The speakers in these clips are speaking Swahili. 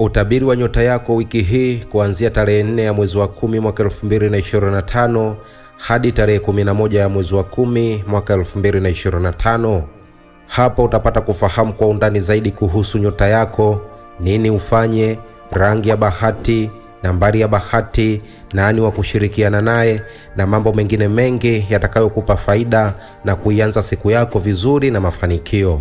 Utabiri wa nyota yako wiki hii kuanzia tarehe nne ya mwezi wa kumi mwaka tano hadi tarehe moja ya mwezi wa kumi mwaka tano Hapa utapata kufahamu kwa undani zaidi kuhusu nyota yako, nini ufanye, rangi ya bahati, nambari ya bahati, nani wa kushirikiana naye na mambo mengine mengi yatakayokupa faida na kuianza siku yako vizuri na mafanikio.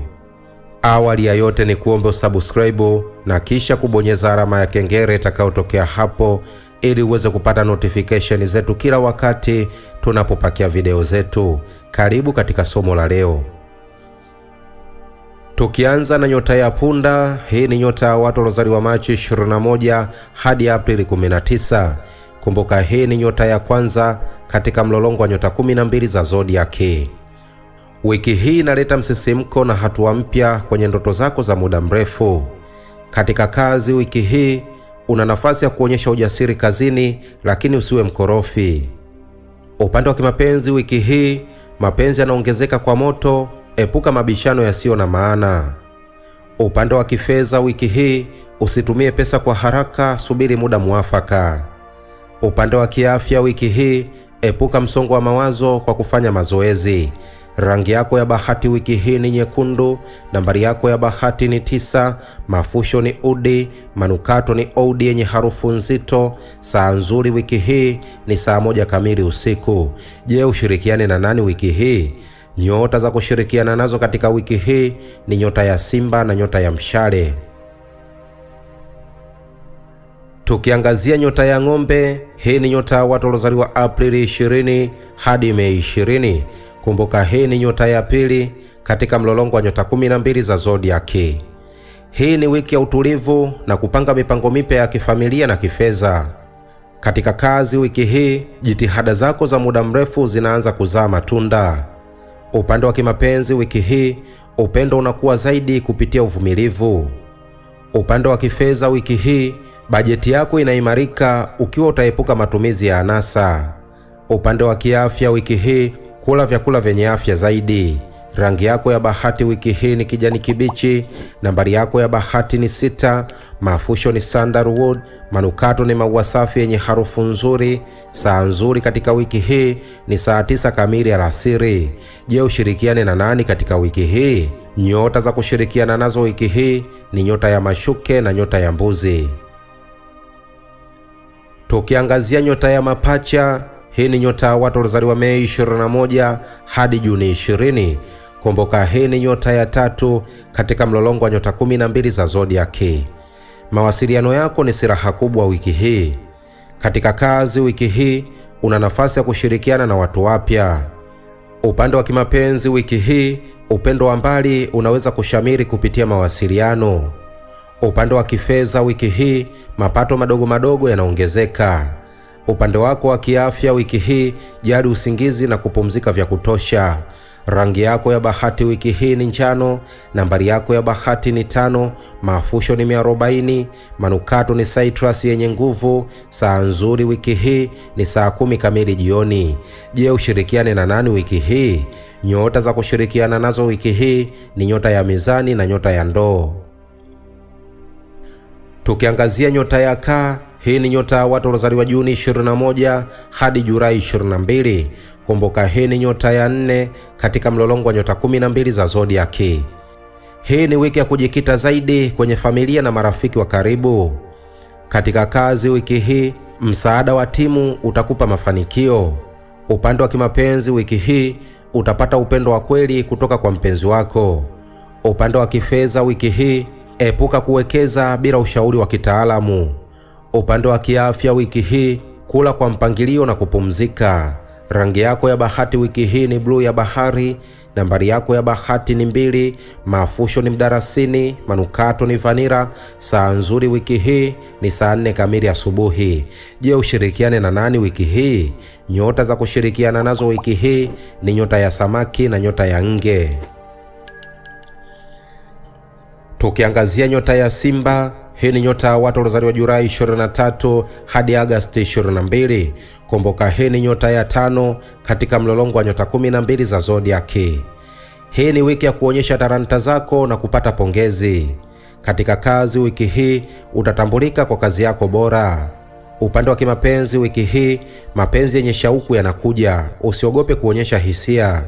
Awali ya yote ni kuombe usubscribe na kisha kubonyeza alama ya kengele itakayotokea hapo ili uweze kupata notification zetu kila wakati tunapopakia video zetu. Karibu katika somo la leo, tukianza na nyota ya punda. Hii ni nyota ya watu waliozaliwa Machi 21 hadi Aprili 19. Kumbuka, hii ni nyota ya kwanza katika mlolongo wa nyota 12 za zodiaki. Wiki hii inaleta msisimko na hatua mpya kwenye ndoto zako za muda mrefu. Katika kazi, wiki hii una nafasi ya kuonyesha ujasiri kazini, lakini usiwe mkorofi. Upande wa kimapenzi, wiki hii mapenzi yanaongezeka kwa moto, epuka mabishano yasiyo na maana. Upande wa kifedha, wiki hii usitumie pesa kwa haraka, subiri muda muafaka. Upande wa kiafya, wiki hii epuka msongo wa mawazo kwa kufanya mazoezi. Rangi yako ya bahati wiki hii ni nyekundu. Nambari yako ya bahati ni tisa. Mafusho ni udi. Manukato ni oudi yenye harufu nzito. Saa nzuri wiki hii ni saa moja kamili usiku. Je, ushirikiane na nani wiki hii? Nyota za kushirikiana nazo katika wiki hii ni nyota ya Simba na nyota ya Mshale. Tukiangazia nyota ya Ng'ombe, hii ni nyota ya watu waliozaliwa Aprili 20 hadi Mei 20. Kumbuka hii ni nyota ya pili katika mlolongo wa nyota kumi na mbili za zodiaki. Hii ni wiki ya utulivu na kupanga mipango mipya ya kifamilia na kifedha. Katika kazi wiki hii, jitihada zako za muda mrefu zinaanza kuzaa matunda. Upande wa kimapenzi wiki hii, upendo unakuwa zaidi kupitia uvumilivu. Upande wa kifedha wiki hii, bajeti yako inaimarika ukiwa utaepuka matumizi ya anasa. Upande wa kiafya wiki hii Kula vyakula vyenye afya zaidi. Rangi yako ya bahati wiki hii ni kijani kibichi. Nambari yako ya bahati ni sita. Mafusho ni sandalwood. Manukato ni maua safi yenye harufu nzuri. Saa nzuri katika wiki hii ni saa tisa kamili alasiri. Je, ushirikiane na nani katika wiki hii? Nyota za kushirikiana nazo wiki hii ni nyota ya mashuke na nyota ya mbuzi. Tukiangazia nyota ya mapacha hii ni nyota watu waliozaliwa Mei 21 hadi Juni 20. Kumbuka hii ni nyota ya tatu katika mlolongo wa nyota 12 za zodiaki. Mawasiliano yako ni silaha kubwa wiki hii. Katika kazi wiki hii una nafasi ya kushirikiana na watu wapya. Upande wa kimapenzi wiki hii, upendo wa mbali unaweza kushamiri kupitia mawasiliano. Upande wa kifedha wiki hii, mapato madogo madogo yanaongezeka. Upande wako wa kiafya wiki hii, jali usingizi na kupumzika vya kutosha. Rangi yako ya bahati wiki hii ni njano. Nambari yako ya bahati ni tano. Mafusho ni miarobaini. Manukato ni citrus yenye nguvu. Saa nzuri wiki hii ni saa kumi kamili jioni. Je, ushirikiane na nani wiki hii? Nyota za kushirikiana nazo wiki hii ni nyota ya mizani na nyota ya ndoo. Tukiangazia nyota ya kaa hii ni nyota ya watu waliozaliwa Juni 21 hadi Julai 22. Kumbuka hii ni nyota ya nne katika mlolongo wa nyota 12 za zodiaki. Hii ni wiki ya kujikita zaidi kwenye familia na marafiki wa karibu. Katika kazi wiki hii, msaada wa timu utakupa mafanikio. Upande wa kimapenzi wiki hii, utapata upendo wa kweli kutoka kwa mpenzi wako. Upande wa kifedha wiki hii, epuka kuwekeza bila ushauri wa kitaalamu. Upande wa kiafya wiki hii, kula kwa mpangilio na kupumzika. Rangi yako ya bahati wiki hii ni bluu ya bahari. Nambari yako ya bahati ni mbili. Mafusho ni mdarasini. Manukato ni vanira. Saa nzuri wiki hii ni saa nne kamili asubuhi. Je, ushirikiane na nani wiki hii? Nyota za kushirikiana nazo wiki hii ni nyota ya samaki na nyota ya nge. Tukiangazia nyota ya Simba, hii ni nyota watu waliozaliwa Julai 23 hadi Agosti 22. Kumbuka, hii ni nyota ya tano katika mlolongo wa nyota 12 za zodiaki. Hii ni wiki ya kuonyesha talanta zako na kupata pongezi katika kazi. Wiki hii utatambulika kwa kazi yako bora. Upande wa kimapenzi wiki hii, mapenzi yenye shauku yanakuja, usiogope kuonyesha hisia.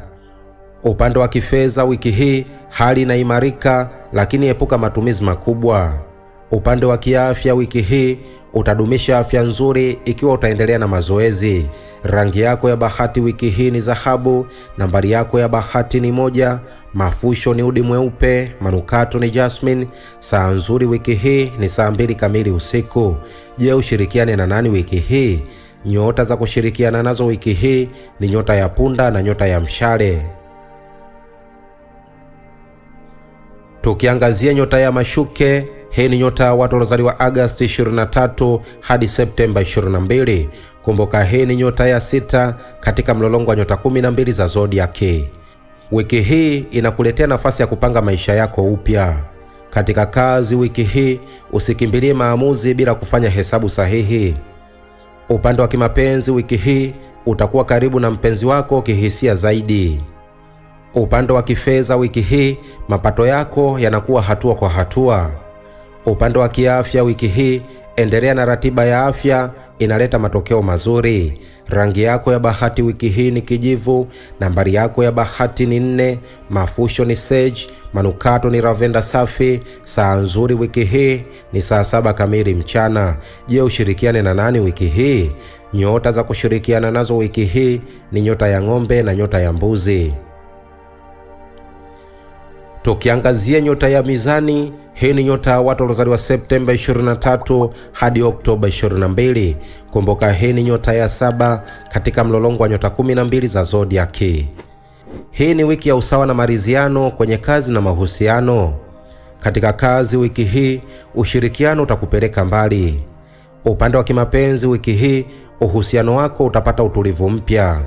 Upande wa kifedha wiki hii, hali inaimarika, lakini epuka matumizi makubwa. Upande wa kiafya, wiki hii utadumisha afya nzuri ikiwa utaendelea na mazoezi. Rangi yako ya bahati wiki hii ni dhahabu. Nambari yako ya bahati ni moja. Mafusho ni udi mweupe. Manukato ni jasmine. Saa nzuri wiki hii ni saa mbili kamili usiku. Je, ushirikiane na nani wiki hii? Nyota za kushirikiana nazo wiki hii ni nyota ya punda na nyota ya mshale. Tukiangazia nyota ya mashuke hii ni nyota watu waliozaliwa Agosti 23 hadi Septemba 22. Kumbuka hii ni nyota ya sita katika mlolongo wa nyota 12 za zodiaki. Wiki hii inakuletea nafasi ya kupanga maisha yako upya. Katika kazi wiki hii, usikimbilie maamuzi bila kufanya hesabu sahihi. Upande wa kimapenzi wiki hii, utakuwa karibu na mpenzi wako kihisia zaidi. Upande wa kifedha wiki hii, mapato yako yanakuwa hatua kwa hatua. Upande wa kiafya, wiki hii endelea na ratiba ya afya, inaleta matokeo mazuri. Rangi yako ya bahati wiki hii ni kijivu. Nambari yako ya bahati ni nne. Mafusho ni sage. Manukato ni ravenda safi. Saa nzuri wiki hii ni saa saba kamili mchana. Je, ushirikiane na nani wiki hii? Nyota za kushirikiana nazo wiki hii ni nyota ya ng'ombe na nyota ya mbuzi. Tukiangazia nyota ya mizani hii ni nyota ya watu waliozaliwa Septemba 23 hadi Oktoba 22. Kumbuka, hii ni nyota ya saba katika mlolongo wa nyota 12 za zodiaki. Hii ni wiki ya usawa na maridhiano kwenye kazi na mahusiano. Katika kazi wiki hii, ushirikiano utakupeleka mbali. Upande wa kimapenzi wiki hii, uhusiano wako utapata utulivu mpya.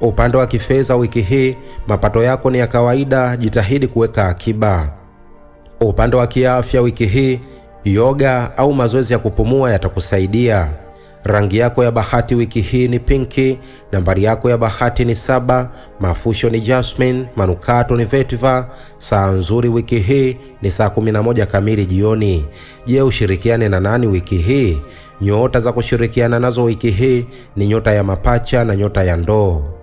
Upande wa kifedha wiki hii, mapato yako ni ya kawaida, jitahidi kuweka akiba. Upande wa kiafya, wiki hii yoga au mazoezi ya kupumua yatakusaidia. Rangi yako ya bahati wiki hii ni pinki. Nambari yako ya bahati ni saba. Mafusho ni jasmine. Manukato ni vetiva. Saa nzuri wiki hii ni saa 11 kamili jioni. Je, ushirikiane na nani wiki hii? Nyota za kushirikiana nazo wiki hii ni nyota ya mapacha na nyota ya ndoo.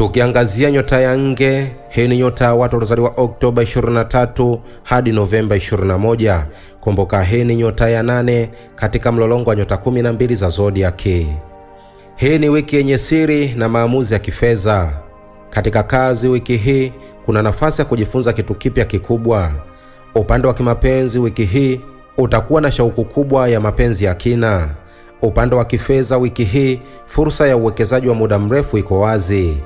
Tukiangazia nyota ya nge, hii ni nyota ya watu waliozaliwa Oktoba 23 hadi Novemba 21. Kumbuka hii ni nyota ya nane katika mlolongo wa nyota 12 za zodiaki. Hii ni wiki yenye siri na maamuzi ya kifedha. Katika kazi wiki hii kuna nafasi ya kujifunza kitu kipya kikubwa. Upande wa kimapenzi wiki hii utakuwa na shauku kubwa ya mapenzi ya kina. Upande wa kifedha wiki hii, fursa ya uwekezaji wa muda mrefu iko wazi.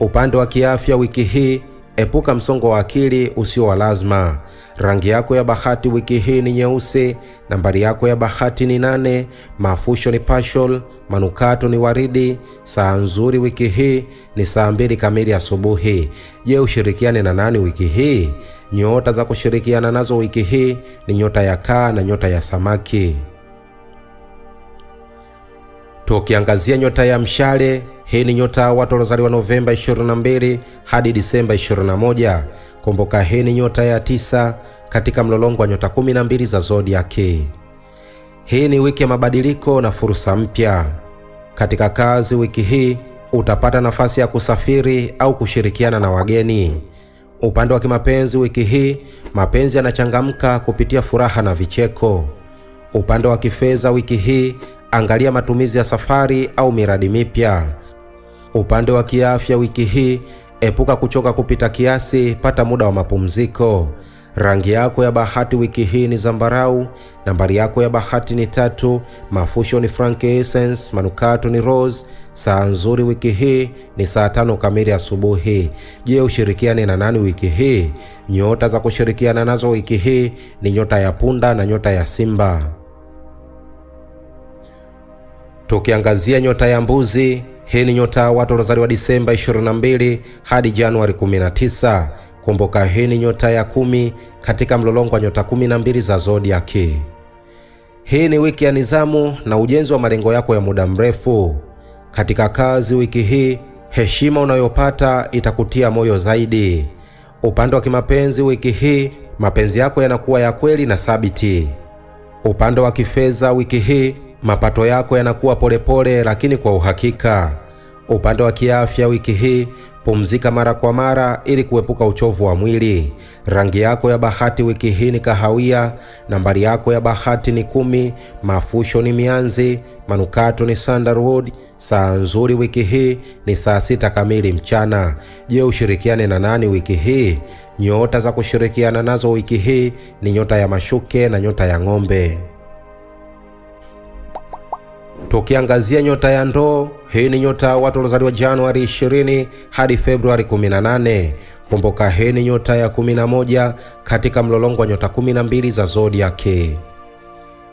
Upande wa kiafya wiki hii, epuka msongo wa akili usio wa lazima. Rangi yako ya bahati wiki hii ni nyeusi. Nambari yako ya bahati ni nane. Mafusho ni pashol, manukato ni waridi. Saa nzuri wiki hii ni saa mbili kamili asubuhi. Je, ushirikiane na nani wiki hii? Nyota za kushirikiana nazo wiki hii ni nyota ya kaa na nyota ya samaki. Tukiangazia nyota ya mshale hii ni nyota watu waliozaliwa Novemba 22 hadi Disemba 21. Kumbuka hii ni nyota ya tisa katika mlolongo wa nyota 12 za zodiaki. Hii ni wiki ya mabadiliko na fursa mpya katika kazi. Wiki hii utapata nafasi ya kusafiri au kushirikiana na wageni. Upande wa kimapenzi wiki hii, mapenzi yanachangamka kupitia furaha na vicheko. Upande wa kifedha wiki hii, angalia matumizi ya safari au miradi mipya. Upande wa kiafya wiki hii, epuka kuchoka kupita kiasi, pata muda wa mapumziko. Rangi yako ya bahati wiki hii ni zambarau. Nambari yako ya bahati ni tatu. Mafusho ni frankincense, manukato ni rose. Saa nzuri wiki hii ni saa tano kamili asubuhi. Je, ushirikiane na nani wiki hii? Nyota za kushirikiana nazo wiki hii ni nyota ya punda na nyota ya simba. Tukiangazia nyota ya mbuzi hii ni nyota watu waliozaliwa Disemba 22 hadi Januari 19. Kumbuka, hii ni nyota ya kumi katika mlolongo wa nyota 12 za zodiaki. Hii ni wiki ya nizamu na ujenzi wa malengo yako ya muda mrefu. Katika kazi wiki hii, heshima unayopata itakutia moyo zaidi. Upande wa kimapenzi wiki hii, mapenzi yako yanakuwa ya kweli na thabiti. Upande wa kifedha wiki hii mapato yako yanakuwa polepole, lakini kwa uhakika. Upande wa kiafya, wiki hii pumzika mara kwa mara ili kuepuka uchovu wa mwili. Rangi yako ya bahati wiki hii ni kahawia. Nambari yako ya bahati ni kumi. Mafusho ni mianzi. Manukato ni sandalwood. Saa nzuri wiki hii ni saa sita kamili mchana. Je, ushirikiane na nani wiki hii? Nyota za kushirikiana nazo wiki hii ni nyota ya mashuke na nyota ya ng'ombe tukiangazia nyota ya ndoo. Hii ni nyota ya watu waliozaliwa Januari 20 hadi Februari 18. Kumbuka, hii ni nyota ya 11 katika mlolongo wa nyota 12 za zodiaki.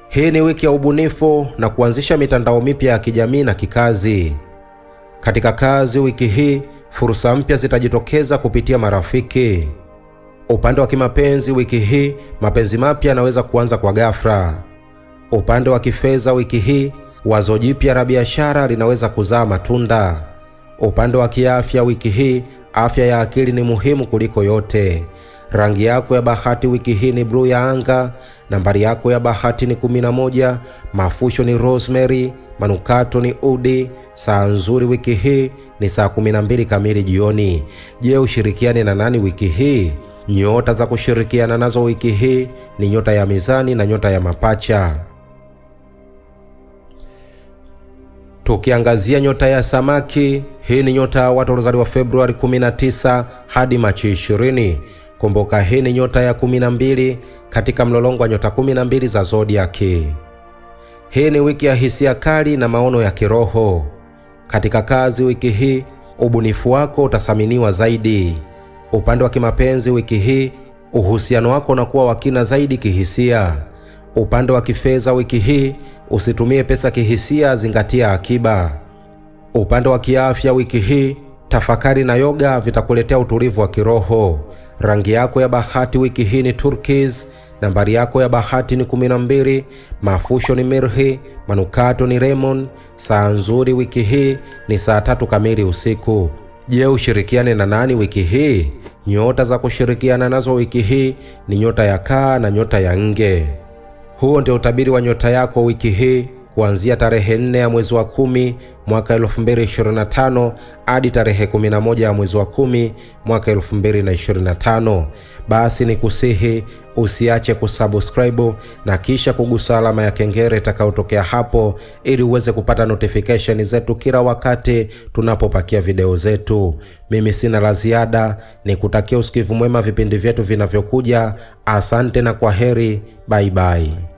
Hii ni wiki ya ubunifu na kuanzisha mitandao mipya ya kijamii na kikazi. Katika kazi wiki hii, fursa mpya zitajitokeza kupitia marafiki. Upande wa kimapenzi wiki hii, mapenzi mapya yanaweza kuanza kwa ghafla. Upande wa kifedha wiki hii, wazo jipya la biashara linaweza kuzaa matunda. Upande wa kiafya, wiki hii afya ya akili ni muhimu kuliko yote. Rangi yako ya bahati wiki hii ni bluu ya anga. Nambari yako ya bahati ni 11. Mafusho ni rosemary, manukato ni udi. Saa nzuri wiki hii ni saa 12 kamili jioni. Je, ushirikiane na nani wiki hii? Nyota za kushirikiana nazo wiki hii ni nyota ya mizani na nyota ya mapacha. Tukiangazia nyota ya samaki, hii ni nyota ya watu waliozaliwa Februari 19 hadi Machi 20. Kumbuka hii ni nyota ya 12 katika mlolongo wa nyota 12 za zodiaki. Hii ni wiki ya hisia kali na maono ya kiroho. Katika kazi wiki hii, ubunifu wako utathaminiwa zaidi. Upande wa kimapenzi wiki hii, uhusiano wako unakuwa wa kina zaidi kihisia. Upande wa kifedha wiki hii usitumie pesa kihisia, zingatia akiba. Upande wa kiafya wiki hii tafakari na yoga vitakuletea utulivu wa kiroho. Rangi yako ya bahati wiki hii ni turquoise. Nambari yako ya bahati ni 12. Mafusho ni mirhi, manukato ni lemon. Saa nzuri wiki hii ni saa tatu kamili usiku. Je, ushirikiane na nani wiki hii? Nyota za kushirikiana nazo wiki hii ni nyota ya kaa na nyota ya nge. Huo ndio utabiri wa nyota yako wiki hii kuanzia tarehe nne ya mwezi wa kumi mwaka 2025 hadi tarehe 11 ya mwezi wa kumi mwaka 2025. Basi ni kusihi usiache kusubscribe na kisha kugusa alama ya kengele itakayotokea hapo, ili uweze kupata notification zetu kila wakati tunapopakia video zetu. Mimi sina la ziada, ni kutakia usikivu mwema vipindi vyetu vinavyokuja. Asante na kwa heri, bye.